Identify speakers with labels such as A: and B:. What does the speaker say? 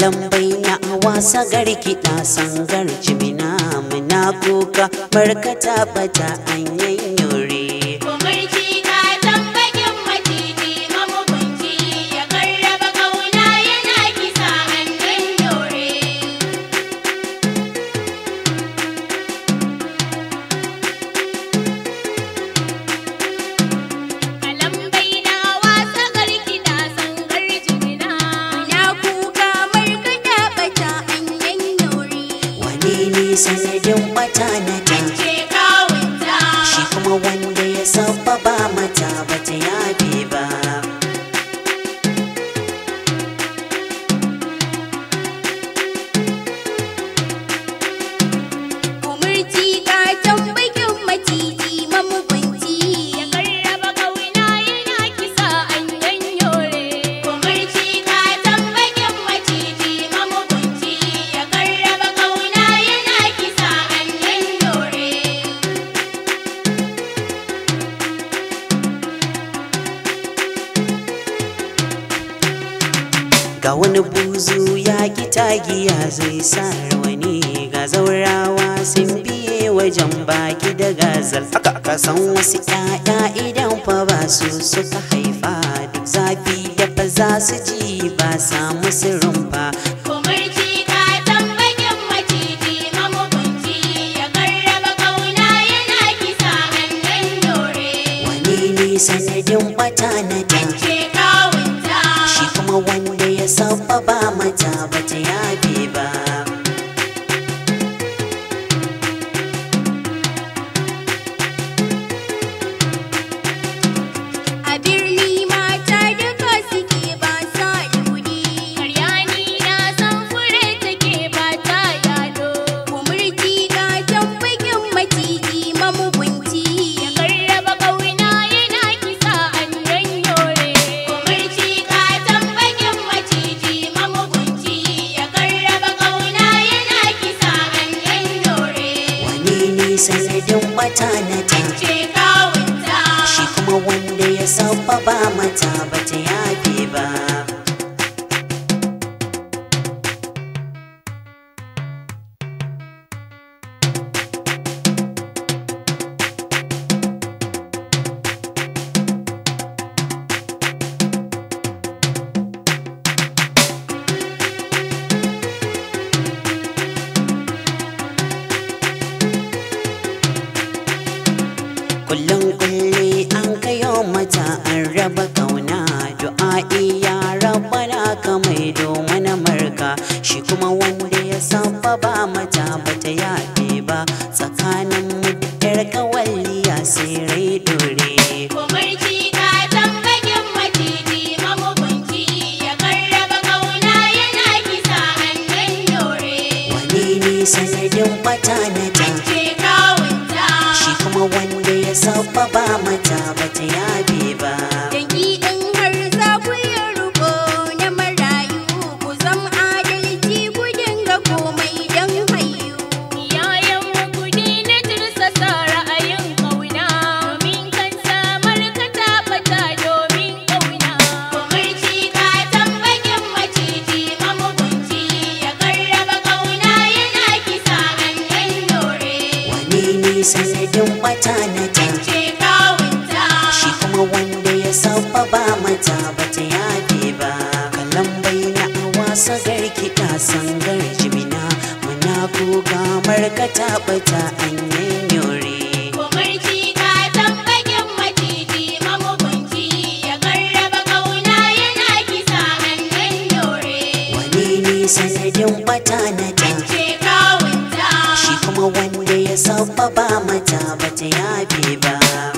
A: lambai na wasa garki na san garci mina muna kuka barkata bata anyai ke ni sanadin bata na ta shi kuma wanda ya sababa mata bata ya ga wani buzu ya ki giya, zai sa wani ga zaurawa sun biye wajen baki da gazal aka aka san wasu 'ya'ya idan fa ba su suka haifa duk zafi da fa za su ji ba samu musu rumfa sanadin bata na da shi kuma wani sababa mata bata yafi mata na ta shi kuma wanda ya saba ba mata ba ta ya raba kauna du'a'i ya rabbana ka mai domin marka shi kuma wanda ya san ba ba mata bata yaɗe ba tsakanin mu da 'yar kawalliya sai rai dore sanadin bata na ta shi kuma wanda ya saba ba mata bata ya cikin bata na ta shi kuma wanda ya saba ba mata ba ta yafe ba kalan bai na wasa garkiɗa sangar jimina muna kuka markata bata an yanyore sanadin bata na ba ba mata ba ta yafe ba